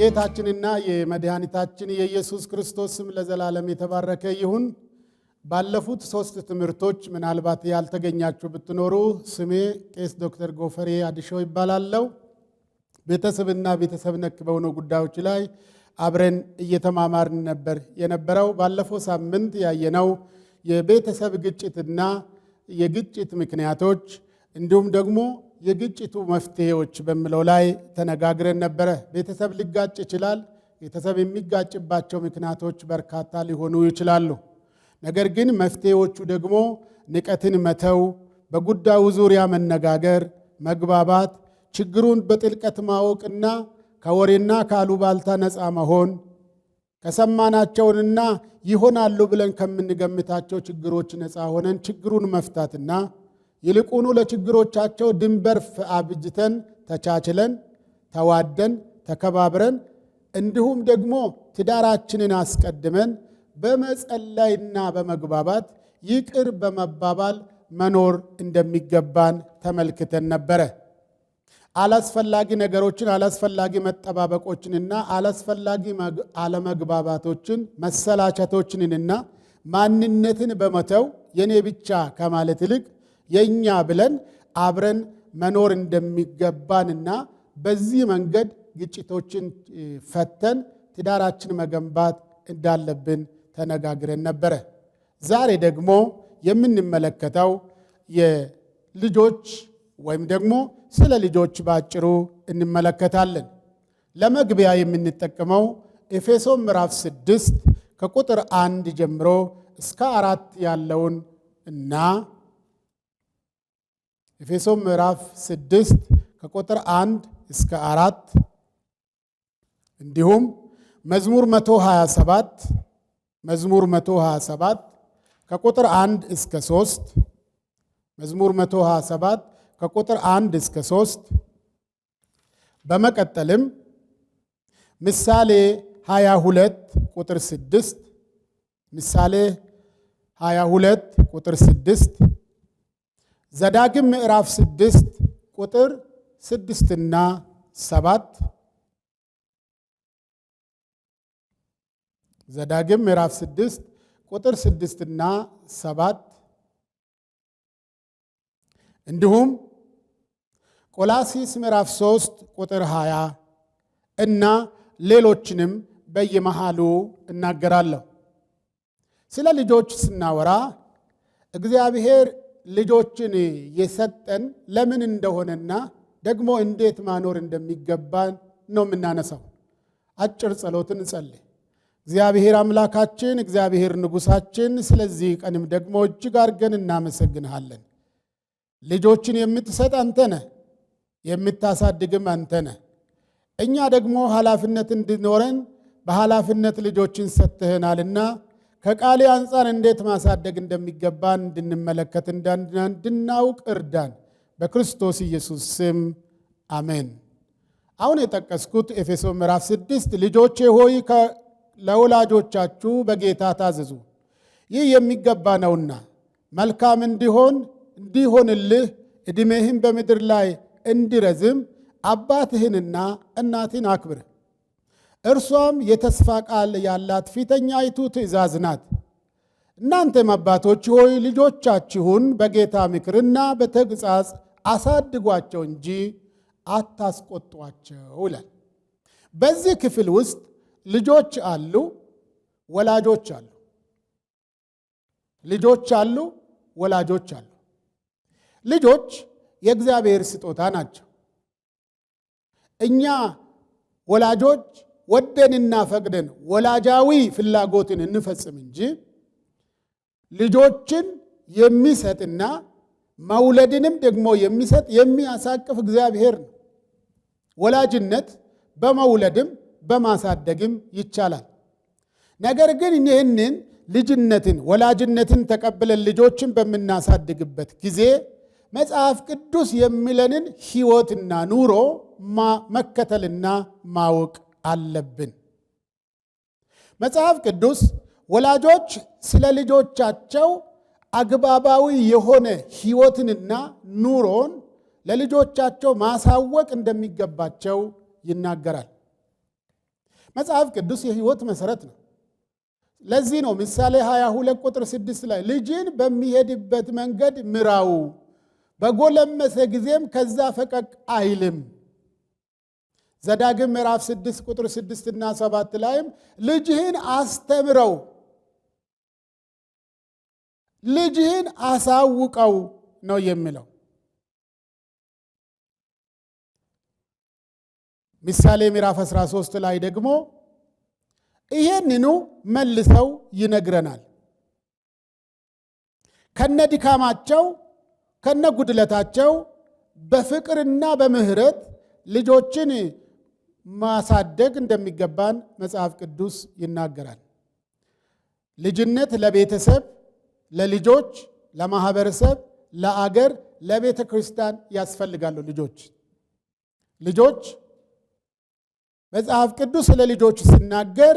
የጌታችንና የመድኃኒታችን የኢየሱስ ክርስቶስ ስም ለዘላለም የተባረከ ይሁን። ባለፉት ሶስት ትምህርቶች ምናልባት ያልተገኛችሁ ብትኖሩ ስሜ ቄስ ዶክተር ጎፈሬ አድሾ ይባላለው። ቤተሰብና ቤተሰብ ነክ በሆኑ ጉዳዮች ላይ አብረን እየተማማርን ነበር የነበረው። ባለፈው ሳምንት ያየነው የቤተሰብ ግጭትና የግጭት ምክንያቶች እንዲሁም ደግሞ የግጭቱ መፍትሄዎች በሚለው ላይ ተነጋግረን ነበረ። ቤተሰብ ሊጋጭ ይችላል። ቤተሰብ የሚጋጭባቸው ምክንያቶች በርካታ ሊሆኑ ይችላሉ። ነገር ግን መፍትሄዎቹ ደግሞ ንቀትን መተው፣ በጉዳዩ ዙሪያ መነጋገር፣ መግባባት፣ ችግሩን በጥልቀት ማወቅና ከወሬና ከአሉባልታ ነፃ መሆን ከሰማናቸውንና ይሆናሉ ብለን ከምንገምታቸው ችግሮች ነፃ ሆነን ችግሩን መፍታትና ይልቁኑ ለችግሮቻቸው ድንበር አብጅተን ተቻችለን ተዋደን ተከባብረን እንዲሁም ደግሞ ትዳራችንን አስቀድመን በመጸለይና በመግባባት ይቅር በመባባል መኖር እንደሚገባን ተመልክተን ነበረ። አላስፈላጊ ነገሮችን፣ አላስፈላጊ መጠባበቆችንና አላስፈላጊ አለመግባባቶችን፣ መሰላቸቶችንና ማንነትን በመተው የኔ ብቻ ከማለት ይልቅ የእኛ ብለን አብረን መኖር እንደሚገባንና በዚህ መንገድ ግጭቶችን ፈተን ትዳራችን መገንባት እንዳለብን ተነጋግረን ነበረ። ዛሬ ደግሞ የምንመለከተው የልጆች ወይም ደግሞ ስለ ልጆች ባጭሩ እንመለከታለን። ለመግቢያ የምንጠቀመው ኤፌሶን ምዕራፍ ስድስት ከቁጥር አንድ ጀምሮ እስከ አራት ያለውን እና ኤፌሶ ምዕራፍ ስድስት ከቁጥር አንድ እስከ አራት እንዲሁም መዝሙር 127 መዝሙር 127 ከቁጥር 1 እስከ 3 መዝሙር 127 ከቁጥር 1 እስከ 3 በመቀጠልም ምሳሌ 22 ቁጥር 6 ምሳሌ 22 ቁጥር 6 ዘዳግም ምዕራፍ ስድስት ቁጥር ስድስትና ሰባት ዘዳግም ምዕራፍ ስድስት ቁጥር ስድስትና ሰባት እንዲሁም ቆላሲስ ምዕራፍ ሶስት ቁጥር ሃያ እና ሌሎችንም በየመሃሉ እናገራለሁ። ስለ ልጆች ስናወራ እግዚአብሔር ልጆችን የሰጠን ለምን እንደሆነና ደግሞ እንዴት ማኖር እንደሚገባን ነው የምናነሳው። አጭር ጸሎትን እንጸልይ። እግዚአብሔር አምላካችን፣ እግዚአብሔር ንጉሳችን ስለዚህ ቀንም ደግሞ እጅግ አርገን እናመሰግንሃለን። ልጆችን የምትሰጥ አንተ ነህ፣ የምታሳድግም አንተ ነህ። እኛ ደግሞ ኃላፊነት እንዲኖረን በኃላፊነት ልጆችን ሰጥተህናልና ከቃሌ አንጻር እንዴት ማሳደግ እንደሚገባን እንድንመለከት እንድናውቅ እርዳን። በክርስቶስ ኢየሱስ ስም አሜን። አሁን የጠቀስኩት ኤፌሶ ምዕራፍ ስድስት ልጆቼ ሆይ ለወላጆቻችሁ በጌታ ታዘዙ፣ ይህ የሚገባ ነውና መልካም እንዲሆን እንዲሆንልህ ዕድሜህን በምድር ላይ እንዲረዝም አባትህንና እናትን አክብር እርሷም የተስፋ ቃል ያላት ፊተኛይቱ ትእዛዝ ናት። እናንተም አባቶች ሆይ ልጆቻችሁን በጌታ ምክርና በተግሣጽ አሳድጓቸው እንጂ አታስቆጧቸው ይላል። በዚህ ክፍል ውስጥ ልጆች አሉ፣ ወላጆች አሉ። ልጆች አሉ፣ ወላጆች አሉ። ልጆች የእግዚአብሔር ስጦታ ናቸው። እኛ ወላጆች ወደንና ፈቅደን ወላጃዊ ፍላጎትን እንፈጽም እንጂ ልጆችን የሚሰጥና መውለድንም ደግሞ የሚሰጥ የሚያሳቅፍ እግዚአብሔር ነው። ወላጅነት በመውለድም በማሳደግም ይቻላል። ነገር ግን ይህንን ልጅነትን ወላጅነትን ተቀብለን ልጆችን በምናሳድግበት ጊዜ መጽሐፍ ቅዱስ የሚለንን ሕይወትና ኑሮ መከተልና ማወቅ አለብን። መጽሐፍ ቅዱስ ወላጆች ስለ ልጆቻቸው አግባባዊ የሆነ ሕይወትንና ኑሮን ለልጆቻቸው ማሳወቅ እንደሚገባቸው ይናገራል። መጽሐፍ ቅዱስ የሕይወት መሠረት ነው። ለዚህ ነው ምሳሌ 22 ቁጥር 6 ላይ ልጅን በሚሄድበት መንገድ ምራው፣ በጎለመሰ ጊዜም ከዛ ፈቀቅ አይልም ዘዳግም ምዕራፍ ስድስት ቁጥር 6 እና 7 ላይም ልጅህን አስተምረው ልጅህን አሳውቀው ነው የሚለው። ምሳሌ ምዕራፍ 13 ላይ ደግሞ ይሄንኑ መልሰው ይነግረናል። ከነ ድካማቸው ከነ ጉድለታቸው በፍቅርና በምሕረት ልጆችን ማሳደግ እንደሚገባን መጽሐፍ ቅዱስ ይናገራል። ልጅነት ለቤተሰብ፣ ለልጆች፣ ለማህበረሰብ፣ ለአገር፣ ለቤተ ክርስቲያን ያስፈልጋሉ። ልጆች ልጆች መጽሐፍ ቅዱስ ለልጆች ሲናገር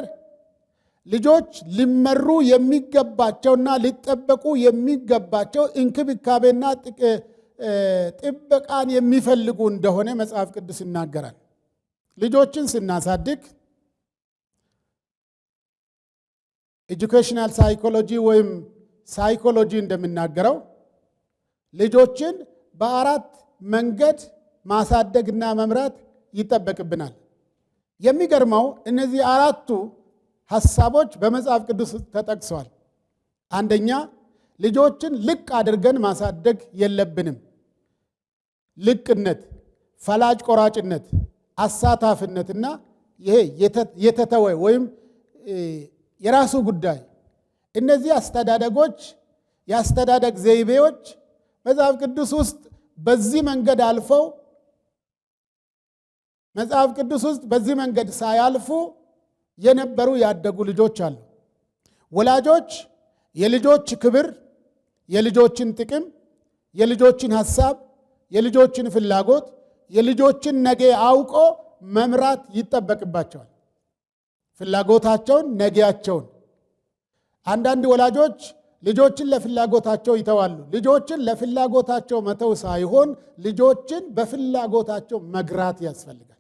ልጆች ሊመሩ የሚገባቸውና ሊጠበቁ የሚገባቸው እንክብካቤና ጥበቃን የሚፈልጉ እንደሆነ መጽሐፍ ቅዱስ ይናገራል። ልጆችን ስናሳድግ ኤጁኬሽናል ሳይኮሎጂ ወይም ሳይኮሎጂ እንደሚናገረው ልጆችን በአራት መንገድ ማሳደግና መምራት ይጠበቅብናል። የሚገርመው እነዚህ አራቱ ሀሳቦች በመጽሐፍ ቅዱስ ተጠቅሰዋል። አንደኛ ልጆችን ልቅ አድርገን ማሳደግ የለብንም። ልቅነት፣ ፈላጭ ቆራጭነት አሳታፍነትና ይሄ የተተወ ወይም የራሱ ጉዳይ እነዚህ አስተዳደጎች የአስተዳደግ ዘይቤዎች መጽሐፍ ቅዱስ ውስጥ በዚህ መንገድ አልፈው መጽሐፍ ቅዱስ ውስጥ በዚህ መንገድ ሳያልፉ የነበሩ ያደጉ ልጆች አሉ። ወላጆች የልጆች ክብር፣ የልጆችን ጥቅም፣ የልጆችን ሐሳብ፣ የልጆችን ፍላጎት የልጆችን ነገ አውቆ መምራት ይጠበቅባቸዋል። ፍላጎታቸውን፣ ነገያቸውን። አንዳንድ ወላጆች ልጆችን ለፍላጎታቸው ይተዋሉ። ልጆችን ለፍላጎታቸው መተው ሳይሆን ልጆችን በፍላጎታቸው መግራት ያስፈልጋል።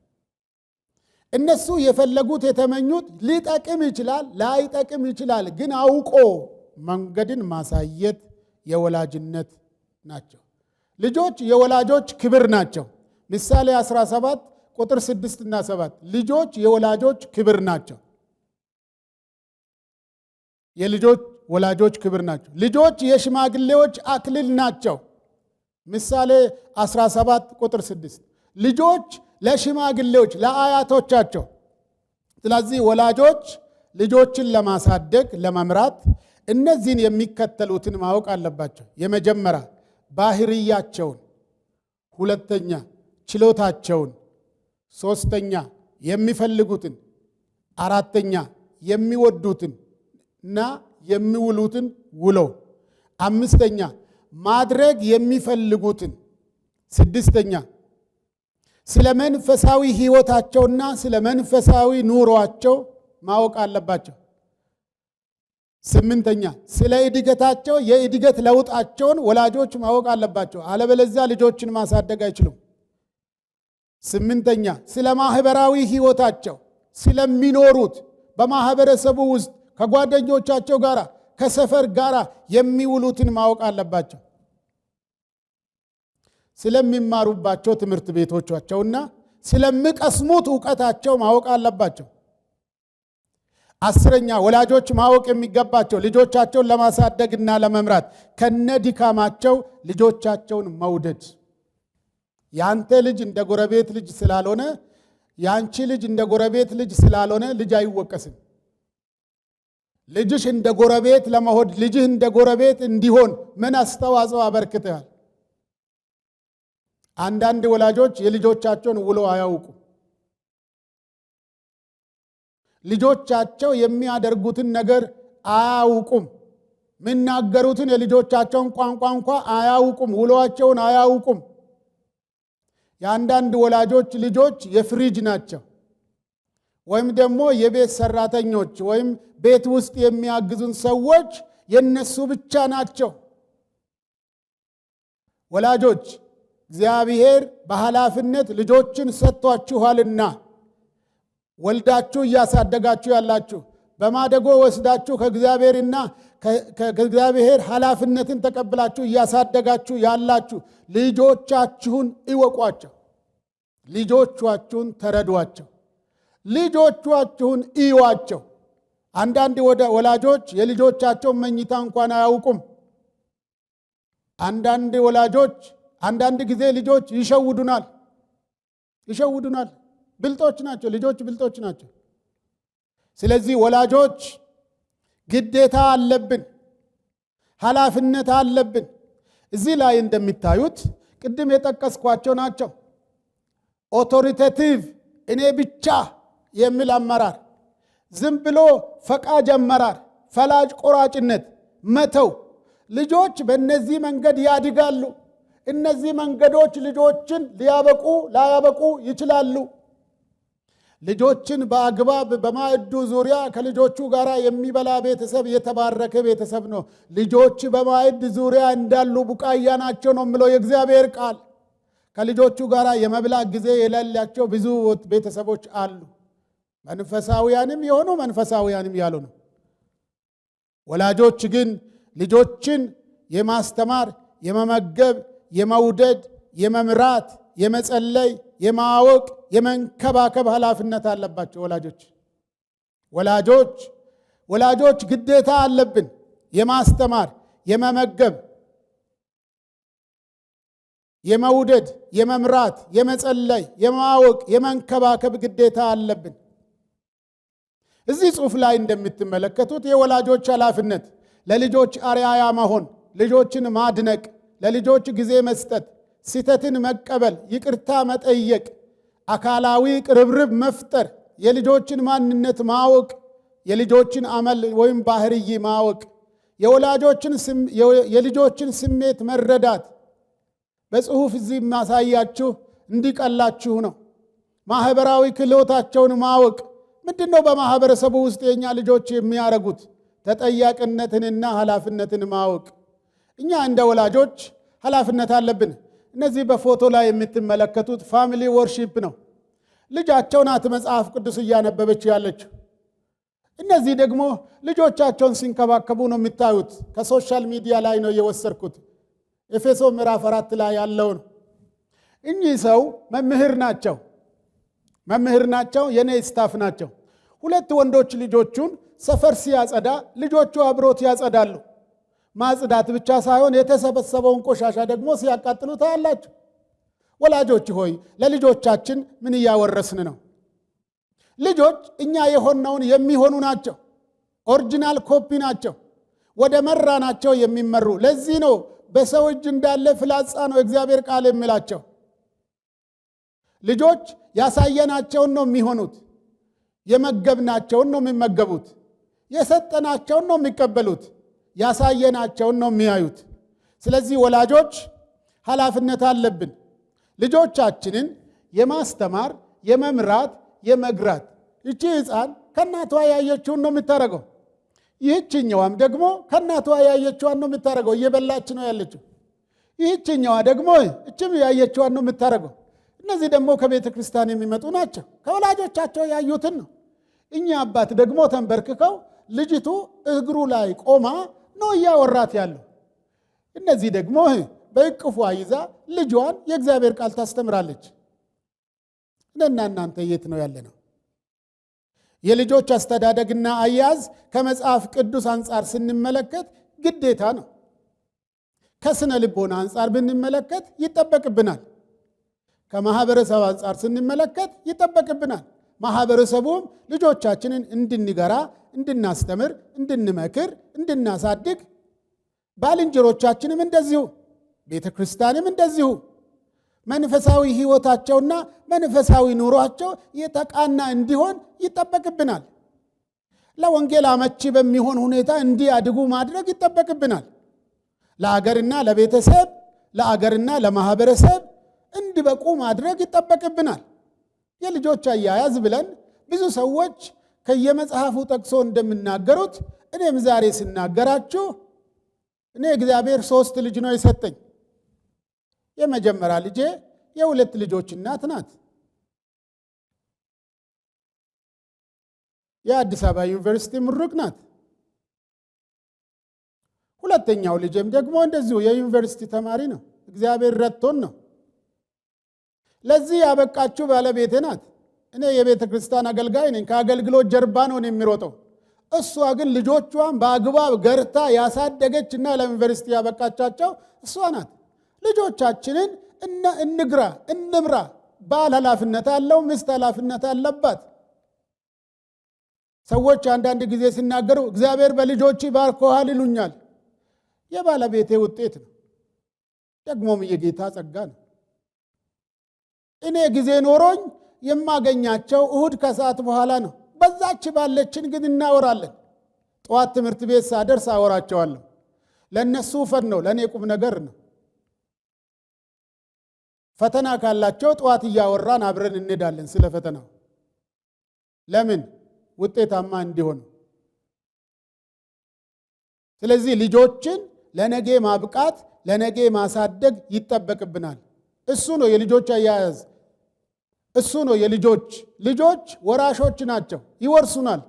እነሱ የፈለጉት የተመኙት ሊጠቅም ይችላል፣ ላይጠቅም ይችላል። ግን አውቆ መንገድን ማሳየት የወላጅነት ናቸው። ልጆች የወላጆች ክብር ናቸው። ምሳሌ 17 ቁጥር 6 እና 7 ልጆች የወላጆች ክብር ናቸው። የልጆች ወላጆች ክብር ናቸው። ልጆች የሽማግሌዎች አክሊል ናቸው። ምሳሌ 17 ቁጥር 6 ልጆች ለሽማግሌዎች ለአያቶቻቸው። ስለዚህ ወላጆች ልጆችን ለማሳደግ ለመምራት እነዚህን የሚከተሉትን ማወቅ አለባቸው። የመጀመሪያ ባህርያቸውን፣ ሁለተኛ ችሎታቸውን፣ ሶስተኛ የሚፈልጉትን፣ አራተኛ የሚወዱትን እና የሚውሉትን ውሎ፣ አምስተኛ ማድረግ የሚፈልጉትን፣ ስድስተኛ ስለ መንፈሳዊ ሕይወታቸውና ስለ መንፈሳዊ ኑሯቸው ማወቅ አለባቸው። ስምንተኛ ስለ እድገታቸው የእድገት ለውጣቸውን ወላጆች ማወቅ አለባቸው። አለበለዚያ ልጆችን ማሳደግ አይችሉም። ስምንተኛ ስለ ማህበራዊ ህይወታቸው ስለሚኖሩት በማህበረሰቡ ውስጥ ከጓደኞቻቸው ጋር ከሰፈር ጋር የሚውሉትን ማወቅ አለባቸው። ስለሚማሩባቸው ትምህርት ቤቶቻቸውና ስለሚቀስሙት እውቀታቸው ማወቅ አለባቸው። አስረኛ ወላጆች ማወቅ የሚገባቸው ልጆቻቸውን ለማሳደግና ለመምራት ከነ ድካማቸው ልጆቻቸውን መውደድ ያንተ ልጅ እንደ ጎረቤት ልጅ ስላልሆነ ያንቺ ልጅ እንደ ጎረቤት ልጅ ስላልሆነ ልጅ አይወቀስም። ልጅሽ እንደ ጎረቤት ለመሆድ ልጅህ እንደ ጎረቤት እንዲሆን ምን አስተዋጽኦ አበርክተሃል? አንዳንድ ወላጆች የልጆቻቸውን ውሎ አያውቁም። ልጆቻቸው የሚያደርጉትን ነገር አያውቁም። የሚናገሩትን የልጆቻቸውን ቋንቋ እንኳ አያውቁም። ውሎአቸውን አያውቁም። የአንዳንድ ወላጆች ልጆች የፍሪጅ ናቸው ወይም ደግሞ የቤት ሰራተኞች ወይም ቤት ውስጥ የሚያግዙን ሰዎች የነሱ ብቻ ናቸው። ወላጆች እግዚአብሔር በኃላፊነት ልጆችን ሰጥቷችኋልና ወልዳችሁ እያሳደጋችሁ ያላችሁ በማደጎ ወስዳችሁ ከእግዚአብሔርና ከእግዚአብሔር ኃላፊነትን ተቀብላችሁ እያሳደጋችሁ ያላችሁ ልጆቻችሁን እወቋቸው፣ ልጆቿችሁን ተረዷቸው፣ ልጆቿችሁን እዩዋቸው። አንዳንድ ወላጆች የልጆቻቸውን መኝታ እንኳን አያውቁም። አንዳንድ ወላጆች አንዳንድ ጊዜ ልጆች ይሸውዱናል ይሸውዱናል። ብልጦች ናቸው ልጆች፣ ብልጦች ናቸው። ስለዚህ ወላጆች ግዴታ አለብን፣ ኃላፊነት አለብን። እዚህ ላይ እንደሚታዩት ቅድም የጠቀስኳቸው ናቸው። ኦቶሪቴቲቭ እኔ ብቻ የሚል አመራር፣ ዝም ብሎ ፈቃጅ አመራር፣ ፈላጅ ቆራጭነት መተው። ልጆች በእነዚህ መንገድ ያድጋሉ። እነዚህ መንገዶች ልጆችን ሊያበቁ ላያበቁ ይችላሉ። ልጆችን በአግባብ በማዕዱ ዙሪያ ከልጆቹ ጋር የሚበላ ቤተሰብ የተባረከ ቤተሰብ ነው። ልጆች በማዕድ ዙሪያ እንዳሉ ቡቃያ ናቸው ነው የምለው የእግዚአብሔር ቃል። ከልጆቹ ጋር የመብላ ጊዜ የሌላቸው ብዙ ቤተሰቦች አሉ። መንፈሳውያንም የሆኑ መንፈሳውያንም ነው። ወላጆች ግን ልጆችን የማስተማር የመመገብ፣ የመውደድ፣ የመምራት፣ የመጸለይ፣ የማወቅ የመንከባከብ ኃላፊነት አለባቸው ወላጆች ወላጆች ወላጆች ግዴታ አለብን የማስተማር የመመገብ የመውደድ የመምራት የመጸለይ የማወቅ የመንከባከብ ግዴታ አለብን እዚህ ጽሑፍ ላይ እንደምትመለከቱት የወላጆች ኃላፊነት ለልጆች አርያያ መሆን ልጆችን ማድነቅ ለልጆች ጊዜ መስጠት ስህተትን መቀበል ይቅርታ መጠየቅ አካላዊ ቅርብርብ መፍጠር፣ የልጆችን ማንነት ማወቅ፣ የልጆችን አመል ወይም ባህርይ ማወቅ፣ የልጆችን ስሜት መረዳት በጽሁፍ እዚህ የማሳያችሁ እንዲቀላችሁ ነው። ማህበራዊ ክህሎታቸውን ማወቅ ምንድን ነው? በማህበረሰቡ ውስጥ የእኛ ልጆች የሚያረጉት ተጠያቂነትንና ኃላፊነትን ማወቅ። እኛ እንደ ወላጆች ኃላፊነት አለብን። እነዚህ በፎቶ ላይ የምትመለከቱት ፋሚሊ ወርሺፕ ነው። ልጃቸው ናት መጽሐፍ ቅዱስ እያነበበች ያለችው። እነዚህ ደግሞ ልጆቻቸውን ሲንከባከቡ ነው የሚታዩት። ከሶሻል ሚዲያ ላይ ነው የወሰድኩት። ኤፌሶ ምዕራፍ አራት ላይ ያለው ነው። እኚህ ሰው መምህር ናቸው፣ መምህር ናቸው፣ የኔ ስታፍ ናቸው። ሁለት ወንዶች ልጆቹን ሰፈር ሲያጸዳ ልጆቹ አብሮት ያጸዳሉ። ማጽዳት ብቻ ሳይሆን የተሰበሰበውን ቆሻሻ ደግሞ ሲያቃጥሉ ታያላችሁ። ወላጆች ሆይ ለልጆቻችን ምን እያወረስን ነው? ልጆች እኛ የሆነውን የሚሆኑ ናቸው። ኦሪጂናል ኮፒ ናቸው። ወደ መራ ናቸው የሚመሩ። ለዚህ ነው በሰው እጅ እንዳለ ፍላጻ ነው እግዚአብሔር ቃል የሚላቸው። ልጆች ያሳየናቸውን ነው የሚሆኑት። የመገብናቸውን ነው የሚመገቡት። የሰጠናቸውን ነው የሚቀበሉት። ያሳየናቸውን ነው የሚያዩት። ስለዚህ ወላጆች ኃላፊነት አለብን ልጆቻችንን የማስተማር የመምራት፣ የመግራት። ይቺ ሕፃን ከእናቷ ያየችውን ነው የምታደርገው። ይህችኛዋም ደግሞ ከእናቷ ያየችዋን ነው የምታደርገው። እየበላች ነው ያለችው። ይህችኛዋ ደግሞ እችም ያየችዋን ነው የምታደርገው። እነዚህ ደግሞ ከቤተ ክርስቲያን የሚመጡ ናቸው። ከወላጆቻቸው ያዩትን ነው። እኛ አባት ደግሞ ተንበርክከው ልጅቱ እግሩ ላይ ቆማ ነው እያወራት ያለው። እነዚህ ደግሞ በእቅፏ ይዛ ልጇን የእግዚአብሔር ቃል ታስተምራለች። እኔና እናንተ የት ነው ያለ ነው? የልጆች አስተዳደግና አያያዝ ከመጽሐፍ ቅዱስ አንጻር ስንመለከት ግዴታ ነው። ከስነ ልቦና አንጻር ብንመለከት ይጠበቅብናል። ከማህበረሰብ አንጻር ስንመለከት ይጠበቅብናል። ማህበረሰቡም ልጆቻችንን እንድንገራ፣ እንድናስተምር፣ እንድንመክር፣ እንድናሳድግ ባልንጀሮቻችንም እንደዚሁ ቤተ ክርስቲያንም እንደዚሁ መንፈሳዊ ሕይወታቸውና መንፈሳዊ ኑሯቸው የተቃና እንዲሆን ይጠበቅብናል። ለወንጌል አመቺ በሚሆን ሁኔታ እንዲያድጉ ማድረግ ይጠበቅብናል። ለአገርና ለቤተሰብ፣ ለአገርና ለማህበረሰብ እንዲበቁ ማድረግ ይጠበቅብናል። የልጆች አያያዝ ብለን ብዙ ሰዎች ከየመጽሐፉ ጠቅሶ እንደሚናገሩት እኔም ዛሬ ስናገራችሁ እኔ እግዚአብሔር ሶስት ልጅ ነው የሰጠኝ። የመጀመሪያ ልጄ የሁለት ልጆች እናት ናት። የአዲስ አበባ ዩኒቨርሲቲ ምሩቅ ናት። ሁለተኛው ልጄም ደግሞ እንደዚሁ የዩኒቨርሲቲ ተማሪ ነው። እግዚአብሔር ረድቶን ነው። ለዚህ ያበቃችሁ ባለቤቴ ናት። እኔ የቤተ ክርስቲያን አገልጋይ ነኝ። ከአገልግሎት ጀርባ ነው የሚሮጠው። እሷ ግን ልጆቿን በአግባብ ገርታ ያሳደገች እና ለዩኒቨርሲቲ ያበቃቻቸው እሷ ናት። ልጆቻችንን እንግራ እንምራ። ባል ኃላፊነት አለው፣ ሚስት ኃላፊነት አለባት። ሰዎች አንዳንድ ጊዜ ሲናገሩ እግዚአብሔር በልጆች ባርኮሃል ይሉኛል። የባለቤቴ ውጤት ነው፣ ደግሞም የጌታ ጸጋ ነው። እኔ ጊዜ ኖሮኝ የማገኛቸው እሁድ ከሰዓት በኋላ ነው። በዛች ባለችን ግን እናወራለን። ጠዋት ትምህርት ቤት ሳደርስ አወራቸዋለሁ። ለእነሱ ፈን ነው፣ ለእኔ ቁም ነገር ነው። ፈተና ካላቸው ጠዋት እያወራን አብረን እንሄዳለን ስለ ፈተናው። ለምን ውጤታማ እንዲሆኑ። ስለዚህ ልጆችን ለነጌ ማብቃት ለነጌ ማሳደግ ይጠበቅብናል። እሱ ነው የልጆች አያያዝ እሱ ነው የልጆች ልጆች ወራሾች ናቸው። ይወርሱናል።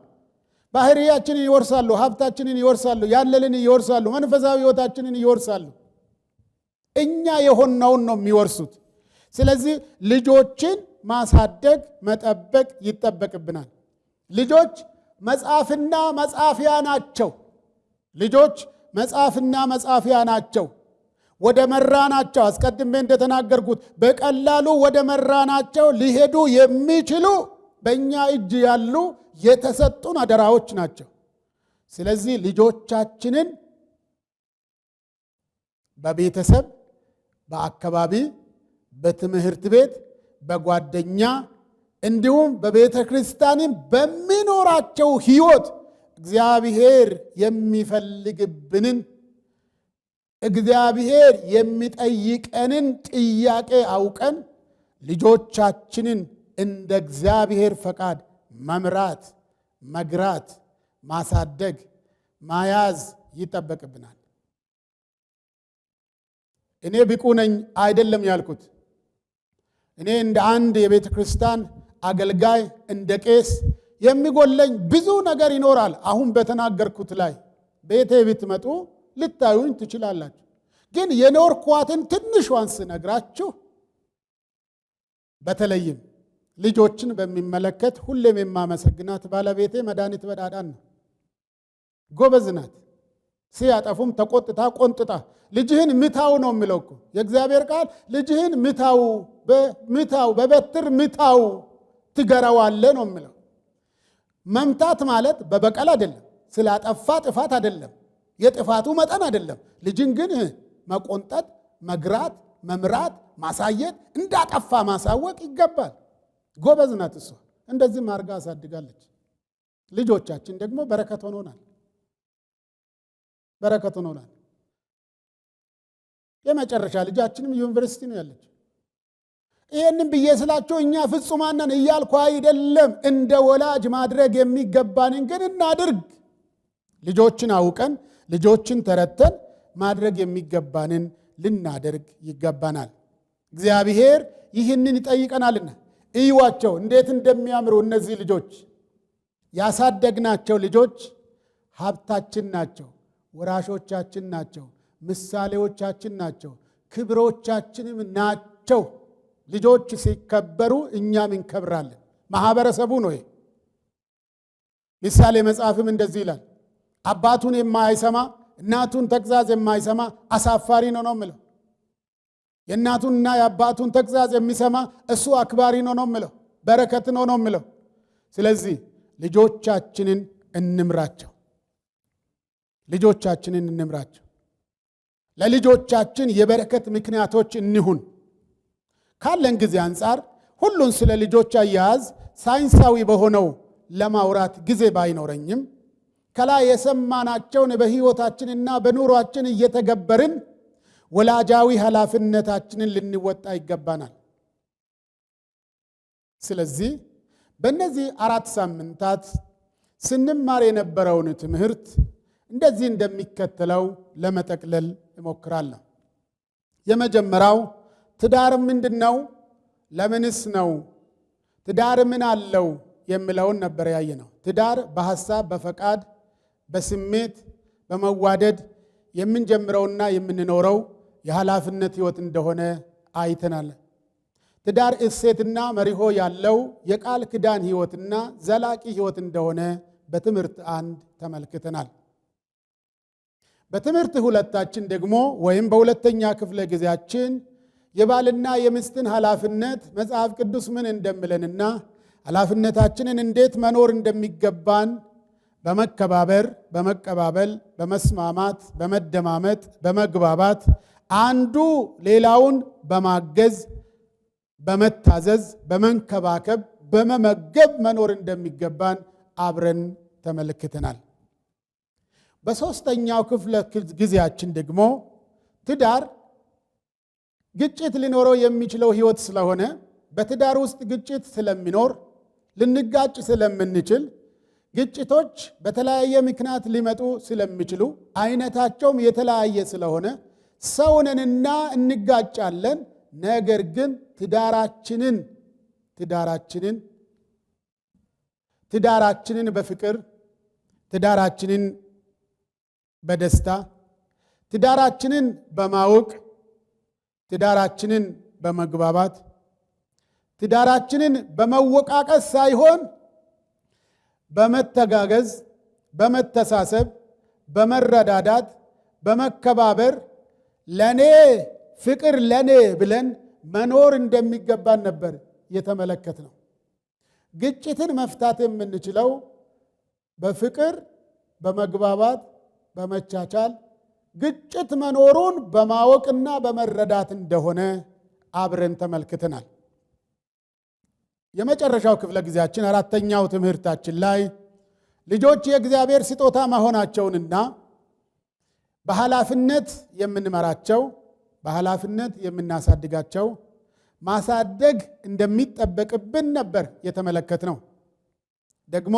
ባህሪያችንን ይወርሳሉ፣ ሀብታችንን ይወርሳሉ፣ ያለልን ይወርሳሉ፣ መንፈሳዊ ህይወታችንን ይወርሳሉ። እኛ የሆነውን ነው የሚወርሱት። ስለዚህ ልጆችን ማሳደግ መጠበቅ ይጠበቅብናል። ልጆች መጽሐፍና መጻፊያ ናቸው። ልጆች መጽሐፍና መጻፊያ ናቸው። ወደ መራናቸው አስቀድሜ እንደተናገርኩት በቀላሉ ወደ መራናቸው ሊሄዱ የሚችሉ በእኛ እጅ ያሉ የተሰጡን አደራዎች ናቸው። ስለዚህ ልጆቻችንን በቤተሰብ፣ በአካባቢ፣ በትምህርት ቤት፣ በጓደኛ እንዲሁም በቤተ ክርስቲያንም በሚኖራቸው ሕይወት እግዚአብሔር የሚፈልግብንን እግዚአብሔር የሚጠይቀንን ጥያቄ አውቀን ልጆቻችንን እንደ እግዚአብሔር ፈቃድ መምራት፣ መግራት፣ ማሳደግ፣ ማያዝ ይጠበቅብናል። እኔ ብቁ ነኝ አይደለም ያልኩት። እኔ እንደ አንድ የቤተ ክርስቲያን አገልጋይ እንደ ቄስ የሚጎለኝ ብዙ ነገር ይኖራል። አሁን በተናገርኩት ላይ ቤቴ ብትመጡ ልታዩኝ ትችላላችሁ። ግን የኖርኳትን ትንሿን ስነግራችሁ በተለይም ልጆችን በሚመለከት ሁሌም የማመሰግናት ባለቤቴ መድኃኒት በዳዳን ነው። ጎበዝ ናት። ሲያጠፉም ተቆጥታ ቆንጥጣ ልጅህን ምታው ነው የሚለው እኮ የእግዚአብሔር ቃል። ልጅህን ምታው፣ ምታው፣ በበትር ምታው ትገረዋለ ነው የሚለው። መምታት ማለት በበቀል አይደለም፣ ስላጠፋ ጥፋት አይደለም የጥፋቱ መጠን አይደለም። ልጅን ግን መቆንጠጥ፣ መግራት፣ መምራት፣ ማሳየት፣ እንዳጠፋ ማሳወቅ ይገባል። ጎበዝ ናት እሷ። እንደዚህም አድርጋ አሳድጋለች። ልጆቻችን ደግሞ በረከት ሆኖናል። በረከት ሆኖናል። የመጨረሻ ልጃችንም ዩኒቨርሲቲ ነው ያለች። ይህንም ብዬ ስላቸው እኛ ፍጹማን ነን እያልኩ አይደለም። እንደ ወላጅ ማድረግ የሚገባንን ግን እናድርግ። ልጆችን አውቀን ልጆችን ተረተን ማድረግ የሚገባንን ልናደርግ ይገባናል። እግዚአብሔር ይህንን ይጠይቀናልና እዩዋቸው፣ እንዴት እንደሚያምሩ እነዚህ ልጆች። ያሳደግናቸው ልጆች ሀብታችን ናቸው፣ ወራሾቻችን ናቸው፣ ምሳሌዎቻችን ናቸው፣ ክብሮቻችንም ናቸው። ልጆች ሲከበሩ እኛም እንከብራለን። ማህበረሰቡ ነው። ምሳሌ መጽሐፍም እንደዚህ ይላል አባቱን የማይሰማ እናቱን ተግዛዝ የማይሰማ አሳፋሪ ነው ነው ምለው። የእናቱንና የአባቱን ተግዛዝ የሚሰማ እሱ አክባሪ ነው ነው ምለው፣ በረከት ነው ነው ምለው። ስለዚህ ልጆቻችንን እንምራቸው፣ ልጆቻችንን እንምራቸው። ለልጆቻችን የበረከት ምክንያቶች እንሁን። ካለን ጊዜ አንጻር ሁሉን ስለ ልጆች አያያዝ ሳይንሳዊ በሆነው ለማውራት ጊዜ ባይኖረኝም ከላይ የሰማናቸውን በሕይወታችንና በኑሯችን እየተገበርን ወላጃዊ ኃላፊነታችንን ልንወጣ ይገባናል። ስለዚህ በእነዚህ አራት ሳምንታት ስንማር የነበረውን ትምህርት እንደዚህ እንደሚከተለው ለመጠቅለል እሞክራለሁ። የመጀመሪያው ትዳር ምንድን ነው? ለምንስ ነው? ትዳር ምን አለው? የሚለውን ነበር ያየ ነው። ትዳር በሐሳብ በፈቃድ በስሜት በመዋደድ የምንጀምረውና የምንኖረው የኃላፊነት ህይወት እንደሆነ አይተናል። ትዳር እሴትና መሪሆ ያለው የቃል ክዳን ህይወትና ዘላቂ ህይወት እንደሆነ በትምህርት አንድ ተመልክተናል። በትምህርት ሁለታችን ደግሞ ወይም በሁለተኛ ክፍለ ጊዜያችን የባልና የሚስትን ኃላፊነት መጽሐፍ ቅዱስ ምን እንደምለንና ኃላፊነታችንን እንዴት መኖር እንደሚገባን በመከባበር በመቀባበል በመስማማት በመደማመጥ በመግባባት አንዱ ሌላውን በማገዝ በመታዘዝ በመንከባከብ በመመገብ መኖር እንደሚገባን አብረን ተመልክተናል። በሦስተኛው ክፍለ ጊዜያችን ደግሞ ትዳር ግጭት ሊኖረው የሚችለው ሕይወት ስለሆነ በትዳር ውስጥ ግጭት ስለሚኖር ልንጋጭ ስለምንችል ግጭቶች በተለያየ ምክንያት ሊመጡ ስለሚችሉ አይነታቸውም የተለያየ ስለሆነ ሰውነንና እንጋጫለን። ነገር ግን ትዳራችንን ትዳራችንን ትዳራችንን በፍቅር ትዳራችንን በደስታ ትዳራችንን በማወቅ ትዳራችንን በመግባባት ትዳራችንን በመወቃቀስ ሳይሆን በመተጋገዝ፣ በመተሳሰብ፣ በመረዳዳት፣ በመከባበር ለእኔ ፍቅር ለእኔ ብለን መኖር እንደሚገባን ነበር የተመለከት ነው። ግጭትን መፍታት የምንችለው በፍቅር፣ በመግባባት፣ በመቻቻል ግጭት መኖሩን በማወቅና በመረዳት እንደሆነ አብረን ተመልክተናል። የመጨረሻው ክፍለ ጊዜያችን አራተኛው ትምህርታችን ላይ ልጆች የእግዚአብሔር ስጦታ መሆናቸውንና በኃላፊነት የምንመራቸው በኃላፊነት የምናሳድጋቸው ማሳደግ እንደሚጠበቅብን ነበር የተመለከት ነው ደግሞ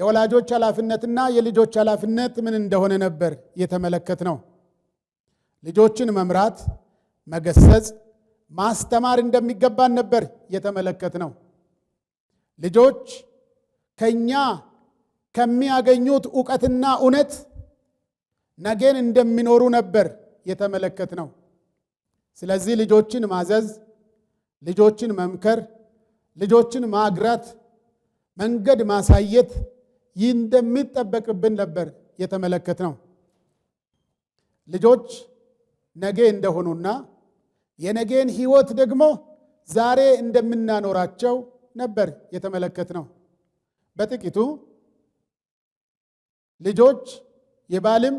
የወላጆች ኃላፊነትና የልጆች ኃላፊነት ምን እንደሆነ ነበር የተመለከት ነው። ልጆችን መምራት፣ መገሰጽ ማስተማር እንደሚገባን ነበር የተመለከት ነው። ልጆች ከኛ ከሚያገኙት እውቀትና እውነት ነገን እንደሚኖሩ ነበር የተመለከት ነው። ስለዚህ ልጆችን ማዘዝ፣ ልጆችን መምከር፣ ልጆችን ማግራት፣ መንገድ ማሳየት ይህ እንደሚጠበቅብን ነበር የተመለከት ነው። ልጆች ነገ እንደሆኑና የነገን ሕይወት ደግሞ ዛሬ እንደምናኖራቸው ነበር የተመለከት ነው። በጥቂቱ ልጆች የባልም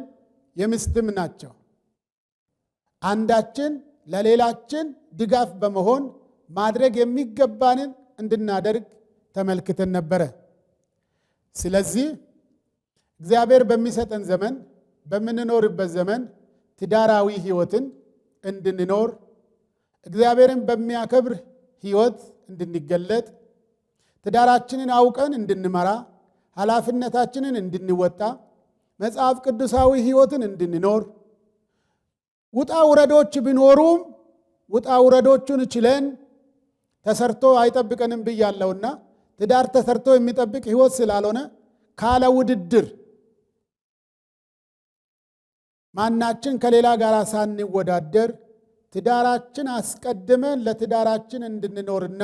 የምስትም ናቸው። አንዳችን ለሌላችን ድጋፍ በመሆን ማድረግ የሚገባንን እንድናደርግ ተመልክተን ነበረ። ስለዚህ እግዚአብሔር በሚሰጠን ዘመን፣ በምንኖርበት ዘመን ትዳራዊ ሕይወትን እንድንኖር እግዚአብሔርን በሚያከብር ሕይወት እንድንገለጥ ትዳራችንን አውቀን እንድንመራ ኃላፊነታችንን እንድንወጣ መጽሐፍ ቅዱሳዊ ሕይወትን እንድንኖር ውጣ ውረዶች ቢኖሩም ውጣ ውረዶቹን ችለን ተሰርቶ አይጠብቀንም ብያለሁና ትዳር ተሰርቶ የሚጠብቅ ሕይወት ስላልሆነ ካለ ውድድር ማናችን ከሌላ ጋር ሳንወዳደር ትዳራችን አስቀድመን ለትዳራችን እንድንኖርና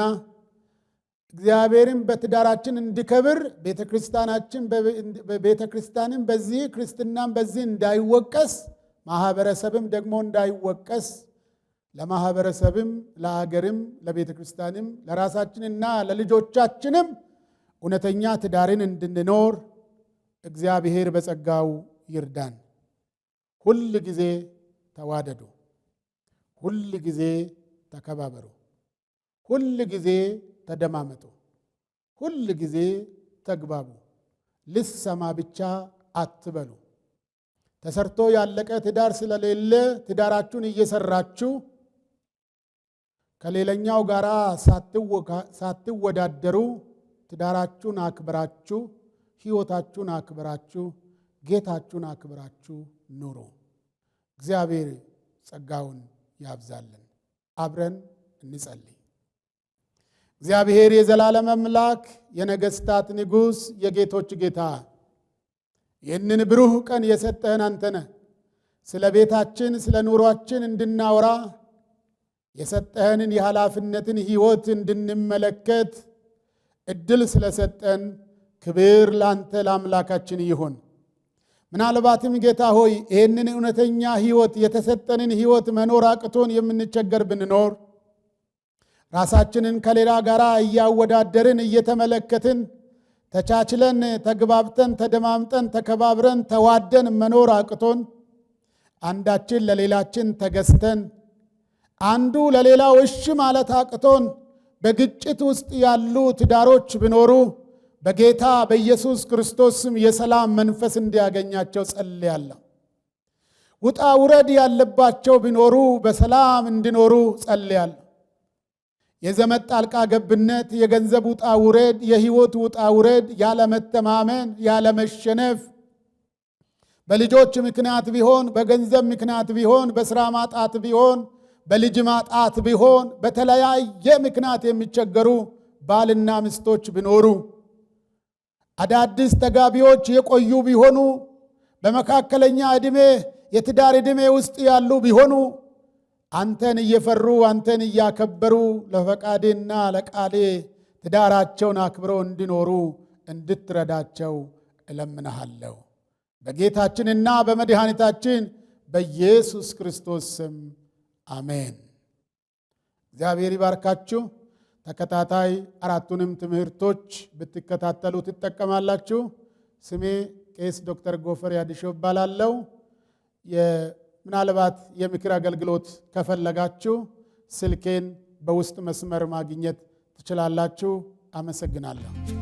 እግዚአብሔርን በትዳራችን እንዲከብር ቤተ ክርስቲያናችን ቤተ ክርስቲያንም በዚህ ክርስትናም በዚህ እንዳይወቀስ ማህበረሰብም ደግሞ እንዳይወቀስ ለማህበረሰብም ለሀገርም ለቤተ ክርስቲያንም ለራሳችንና ለልጆቻችንም እውነተኛ ትዳርን እንድንኖር እግዚአብሔር በጸጋው ይርዳን። ሁል ጊዜ ተዋደዱ። ሁል ጊዜ ተከባበሩ፣ ሁል ጊዜ ተደማመጡ፣ ሁል ጊዜ ተግባቡ። ልሰማ ብቻ አትበሉ። ተሰርቶ ያለቀ ትዳር ስለሌለ ትዳራችሁን እየሰራችሁ ከሌላኛው ጋር ሳትወዳደሩ ትዳራችሁን አክብራችሁ ሕይወታችሁን አክብራችሁ ጌታችሁን አክብራችሁ ኑሩ። እግዚአብሔር ጸጋውን ያብዛልን። አብረን እንጸልይ። እግዚአብሔር የዘላለም አምላክ፣ የነገሥታት ንጉሥ፣ የጌቶች ጌታ ይህንን ብሩህ ቀን የሰጠህን አንተነ ስለ ቤታችን ስለ ኑሯችን እንድናወራ የሰጠህንን የኃላፊነትን ሕይወት እንድንመለከት እድል ስለሰጠን ክብር ለአንተ ለአምላካችን ይሁን። ምናልባትም ጌታ ሆይ ይህንን እውነተኛ ህይወት የተሰጠንን ህይወት መኖር አቅቶን የምንቸገር ብንኖር ራሳችንን ከሌላ ጋር እያወዳደርን እየተመለከትን ተቻችለን ተግባብተን ተደማምጠን ተከባብረን ተዋደን መኖር አቅቶን አንዳችን ለሌላችን ተገዝተን አንዱ ለሌላው እሺ ማለት አቅቶን በግጭት ውስጥ ያሉ ትዳሮች ቢኖሩ በጌታ በኢየሱስ ክርስቶስም የሰላም መንፈስ እንዲያገኛቸው ጸልያለሁ። ውጣ ውረድ ያለባቸው ቢኖሩ በሰላም እንዲኖሩ ጸልያለሁ። የዘመድ ጣልቃ ገብነት፣ የገንዘብ ውጣ ውረድ፣ የህይወት ውጣ ውረድ፣ ያለመተማመን፣ ያለመሸነፍ በልጆች ምክንያት ቢሆን፣ በገንዘብ ምክንያት ቢሆን፣ በስራ ማጣት ቢሆን፣ በልጅ ማጣት ቢሆን፣ በተለያየ ምክንያት የሚቸገሩ ባልና ሚስቶች ቢኖሩ አዳዲስ ተጋቢዎች የቆዩ ቢሆኑ በመካከለኛ ዕድሜ የትዳር ዕድሜ ውስጥ ያሉ ቢሆኑ አንተን እየፈሩ አንተን እያከበሩ ለፈቃዴና ለቃሌ ትዳራቸውን አክብረው እንዲኖሩ እንድትረዳቸው እለምንሃለሁ በጌታችንና በመድኃኒታችን በኢየሱስ ክርስቶስ ስም አሜን። እግዚአብሔር ይባርካችሁ። ተከታታይ አራቱንም ትምህርቶች ብትከታተሉ ትጠቀማላችሁ። ስሜ ቄስ ዶክተር ጎፈር አዲሾ እባላለሁ። ምናልባት የምክር አገልግሎት ከፈለጋችሁ ስልኬን በውስጥ መስመር ማግኘት ትችላላችሁ። አመሰግናለሁ።